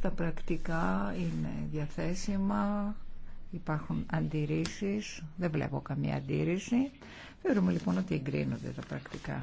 τα πρακτικά είναι διαθέσιμα, υπάρχουν αντιρρήσεις, δεν βλέπω καμία αντίρρηση. Θεωρούμε λοιπόν ότι εγκρίνονται τα πρακτικά.